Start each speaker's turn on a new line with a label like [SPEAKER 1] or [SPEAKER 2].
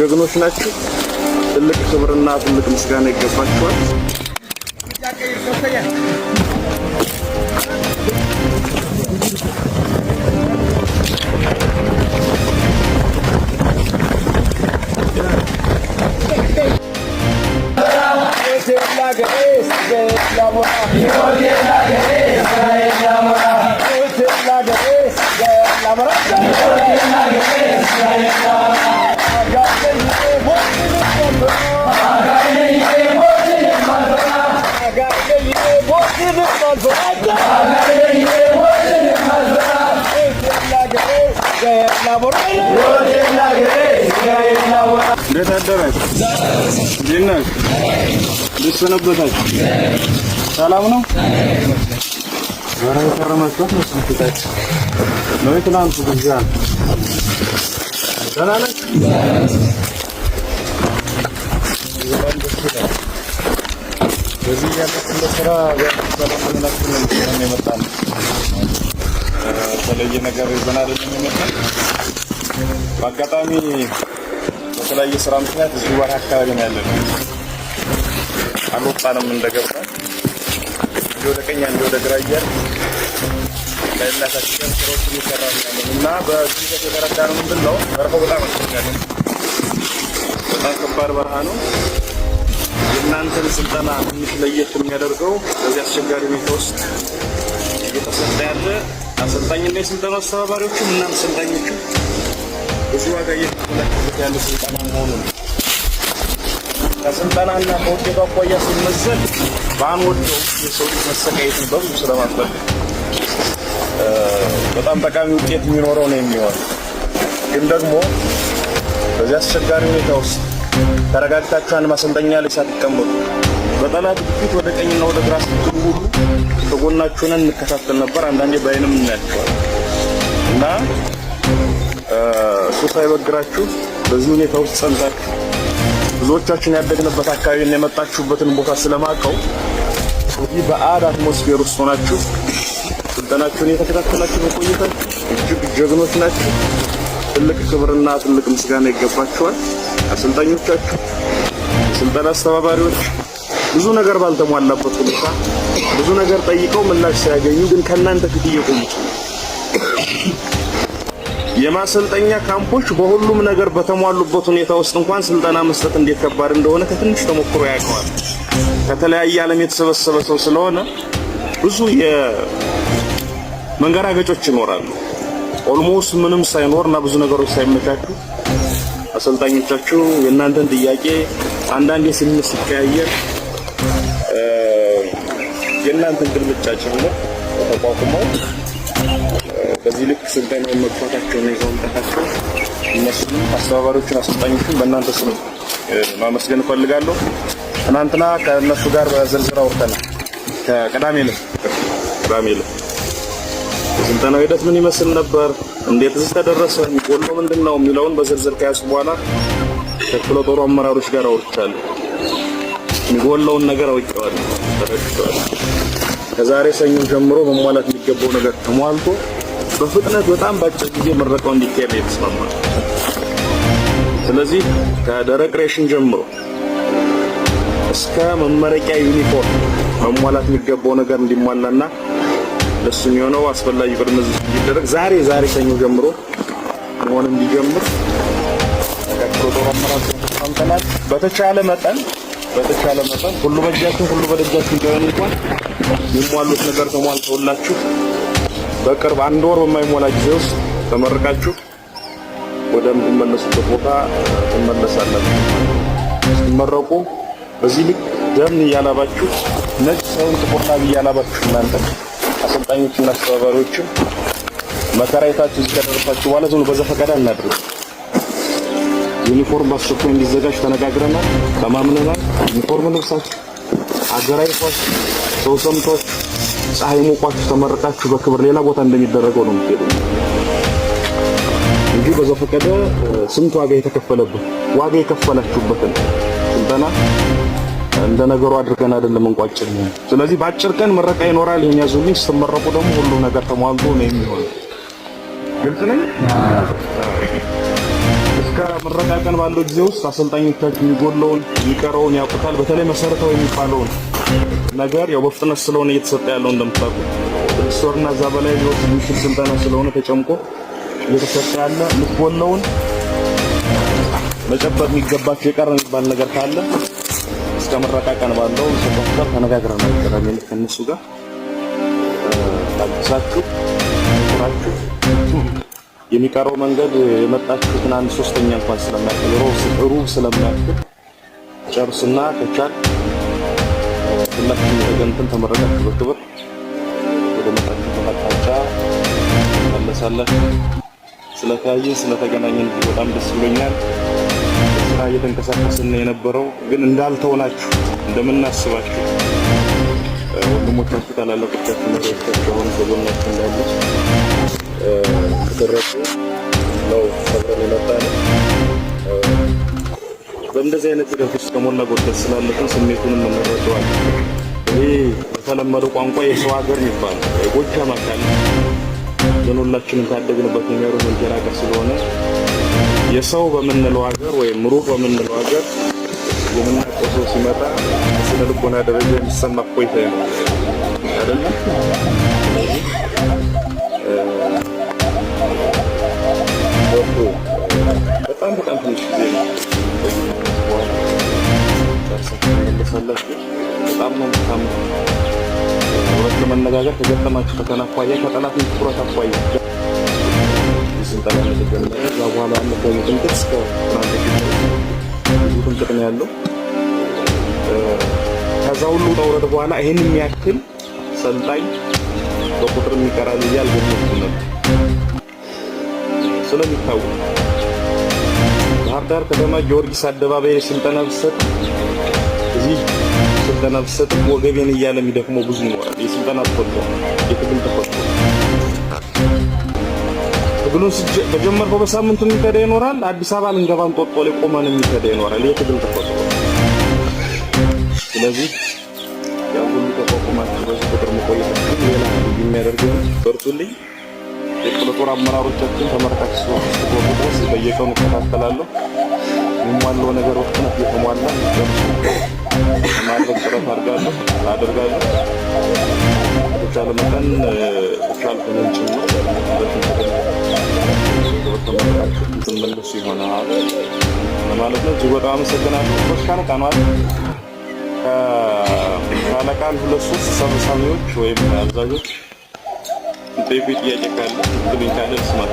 [SPEAKER 1] ጀግኖች ናቸው። ትልቅ ክብርና ትልቅ ምስጋና ይገባቸዋል። እንዴት አደራችሁ? እንዴት ናችሁ? እንዴት ሰነበታችሁ? ሰላም ነው? ኧረ የከረማችሁ መስሎታችሁ ነው። ትናንቱ ግዛ ደህና ናችሁ? በዚህ ያለችን ስራ ሰላም ነው የመጣነው የተለየ ነገር ይዘን አይደለም የመጣን። በአጋጣሚ በተለያየ ስራ ምክንያት እዚህ ባር አካባቢ ነው ያለ ነው። አልወጣንም እንደገባ እንዲ ወደ ቀኛ እንዲ ወደ ግራ እያል ለእናታችን ስራዎች እየሰራ እና በዚህ የተረዳ ነው ምንድን ነው በረሃው በጣም በጣም ከባድ በረሃ ነው። የእናንተን ስልጠና ትንሽ ለየት የሚያደርገው በዚህ አስቸጋሪ ሁኔታ ውስጥ እየተሰጠ ያለ አሰልጣኝና የስልጠና አስተባባሪዎቹም እናም አሰልጣኞቹ እዚህ ዋጋ እየተመለከቱት ያለ ስልጠና መሆኑ ነው። ከስልጠናና ከውጤቱ አኳያ ሲመዘን ባንወደው የሰው ልጅ መሰቃየትን በብዙ በጣም ጠቃሚ ውጤት የሚኖረው ነው የሚሆን። ግን ደግሞ በዚህ አስቸጋሪ ሁኔታ ውስጥ ተረጋግታችሁ አንድ ማሰልጠኛ ላይ ሳትቀመጡ በጠላት ፊት ወደ ቀኝና ወደ ግራ ስትሉ ሁሉ ከጎናችሁ ሆነን እንከታተል ነበር። አንዳንዴ በአይንም እናያቸዋል እና እሱ ሳይበግራችሁ በዚህ ሁኔታ ውስጥ ጸንታችሁ ብዙዎቻችን ያደግንበት አካባቢና የመጣችሁበትን ቦታ ስለማቀው እዚህ በአድ አትሞስፌር ውስጥ ሆናችሁ ስልጠናችሁን የተከታተላችሁ በቆይታችሁ እጅግ ጀግኖች ናችሁ። ትልቅ ክብርና ትልቅ ምስጋና ይገባችኋል። አሰልጣኞቻችሁ፣ የስልጠና አስተባባሪዎች ብዙ ነገር ባልተሟላበት ሁኔታ ብዙ ነገር ጠይቀው ምላሽ ሳያገኙ ግን ከእናንተ ፊት እየቆሙ የማሰልጠኛ ካምፖች በሁሉም ነገር በተሟሉበት ሁኔታ ውስጥ እንኳን ስልጠና መስጠት እንዴት ከባድ እንደሆነ ከትንሽ ተሞክሮ ያውቀዋል። ከተለያየ ዓለም የተሰበሰበ ሰው ስለሆነ ብዙ የመንገራገጮች ይኖራሉ። ኦልሞስት ምንም ሳይኖር እና ብዙ ነገሮች ሳይመቻቹ አሰልጣኞቻችሁ የእናንተን ጥያቄ አንዳንዴ ስሜት ሲቀያየር የእናንተን ግልምጫችን ነው ተቋቁመው በዚህ ልክ ስልጠና መግፋታቸውና ይዘው መምጣታቸው እነሱም አስተባባሪዎቹን፣ አሰልጣኞችን በእናንተ ስም ማመስገን እፈልጋለሁ። ትናንትና ከእነሱ ጋር በዝርዝር አውርተናል። ከቅዳሜ ዕለት ቅዳሜ ዕለት የስልጠናው ሂደት ምን ይመስል ነበር፣ እንዴት እዚህ ተደረሰ፣ ጎሎ ምንድን ነው የሚለውን በዝርዝር ከያዙ በኋላ ከክፍለ ጦሩ አመራሮች ጋር አውርቻለሁ። የሚጎለውን ነገር አውቀዋል፣ ተረድቼዋለሁ። ከዛሬ ሰኞ ጀምሮ መሟላት የሚገባው ነገር ተሟልቶ በፍጥነት በጣም በአጭር ጊዜ ምረቃው እንዲካሄድ የተስማማል። ስለዚህ ከደረቅ ሬሽን ጀምሮ እስከ መመረቂያ ዩኒፎርም መሟላት የሚገባው ነገር እንዲሟላና ለሱ የሚሆነው አስፈላጊ ቅድመ ዝግጅት እንዲደረግ ዛሬ ዛሬ ሰኞ ጀምሮ መሆን እንዲጀምር ከፕሮቶኮል አመራር በተቻለ መጠን በተቻለ መጠን ሁሉ በእጃችሁ ሁሉ በደጃችን ባይሆን እንኳን የሟሉት ነገር ተሟልተውላችሁ በቅርብ አንድ ወር በማይሞላ ጊዜ ውስጥ ተመርቃችሁ ወደምትመለሱበት ቦታ ትመለሳላችሁ። ስትመረቁ በዚህ ልክ ደምን እያላባችሁ ነጭ ሰውን ጥቁር ላብ እያላባችሁ እናንተ አሰልጣኞችና አስተባባሪዎችም መከራየታችሁ እዚህ ከደረሳችሁ በኋላ ዝም በዘፈቀደ እናድርግ። ዩኒፎርም በአስቸኳይ እንዲዘጋጅ ተነጋግረናል፣ ተማምነናል። ዩኒፎርም ልብሳችሁ አገራይቷች ሰው ሰምቶች ፀሐይ ሞቋችሁ ተመረቃችሁ በክብር ሌላ ቦታ እንደሚደረገው ነው የምትሄዱ እንጂ በዘፈቀደ ስንት ዋጋ የተከፈለብን ዋጋ የከፈላችሁበትን ስልጠና እንደ ነገሩ አድርገን አይደለም እንቋጭል። ስለዚህ በአጭር ቀን ምረቃ ይኖራል። ይሄን ያዙልኝ። ስትመረቁ ደግሞ ሁሉ ነገር ተሟልቶ ነው የሚሆነው። ግልጽ ነኝ። ቀን ባለው ጊዜ ውስጥ አሰልጣኞቻችን የሚጎድለውን የሚቀረውን ያውቁታል። በተለይ መሰረታዊ የሚባለውን ነገር ያው በፍጥነት ስለሆነ እየተሰጠ ያለው እንደምታውቁ ስድስት ወርና እዛ በላይ ሊወስድ የሚችል ስልጠና ስለሆነ ተጨምቆ እየተሰጠ ያለ የምትጎድለውን መጨበጥ የሚገባቸው የቀረ የሚባል ነገር ካለ እስከ ምረቃ ቀን ባለው ሰዎች ጋር ተነጋግረን ነው ከእነሱ ጋር ታግሳችሁ ራችሁ የሚቀረው መንገድ የመጣችሁ ትናንት ሶስተኛ እንኳን ስለማያውቅ ሩብ ስለማያውቅ ጨርስና ከቻል ሁላችንም ተገንተን ተመረቃ ክብር ክብር ወደ መጣችበት አቅጣጫ መለሳለን። ስለተያየን ስለተገናኘን በጣም ደስ ብሎኛል። ስራ እየተንቀሳቀስን የነበረው ግን እንዳልተውናችሁ እንደምናስባችሁ ወንድሞቻችሁ ታላላቆቻችሁ መሪዎቻችሁ አሁን በጎናችሁ እንዳለች ከደረሱ ነው ሰብረን የመጣ ነው። በእንደዚህ አይነት ሂደት ውስጥ ከሞላ ጎደል ስላለፍን ስሜቱንም እንረዳዋል። ይህ የተለመደው ቋንቋ የሰው ሀገር የሚባል የጎጃም አካል ግን ሁላችንም ካደግንበት የሚያሩ መንጀራቀር ስለሆነ የሰው በምንለው ሀገር ወይም ሩህ በምንለው ሀገር የምናውቀው ሰው ሲመጣ ስነ ልቦና ደረጃ የሚሰማ ቆይታ ነው አይደለም። አነጋገር ከገጠማችሁ ፈተና አኳያ ከጠላት ትኩረት አኳያ ስልጠና መጀመሪያ እዛ በኋላ ያለበው ጥንቅት እስከ ብዙ ጥንቅት ነው ያለው። ከዛ ሁሉ ተውረድ በኋላ ይህን የሚያክል ሰልጣኝ በቁጥር የሚቀራል እያል ጎሞት ነበር ስለሚታወቅ ባህር ዳር ከተማ ጊዮርጊስ አደባባይ ስልጠና ብሰጥ እዚህ ስልጠና ብሰጥ ወገቤን እያለ የሚደክመው ብዙ ይኖራል። የስልጠና ተቆጥቶ የትግል ተቆጥቶ ትግሉን ከጀመርከው በሳምንቱ የሚከዳ ይኖራል። አዲስ አበባ ልንገባን ጦጦ ላይ ቆመን የሚከዳ ይኖራል። የትግል ተቆጥቶ ስለዚህ ያው ሁሉ ተቋቁማችሁ በዚህ ቁጥር መቆየታችሁ ሌላ የሚያደርገው በርቱልኝ። የክፍለ ጦር አመራሮቻችን ተመርቃችሁ ስትወጡ ድረስ በየቀኑ እከታተላለሁ። የሚሟላው ነገር ወጥነት የተሟላ ማድረግ ጥረት አድርጋለሁ አደርጋለሁ። በተቻለ መጠን ካልሆነን ጭምር መለሱ ይሆናል ለማለት ነው። እጅግ በጣም አመሰግናለሁ። በሽካነ ቀኗል ከአለቃን ሁለት ሶስት ሰብሳቢዎች ወይም አዛዦች ቤቢ ጥያቄ ካለ ግብኝ ካለ ልስማት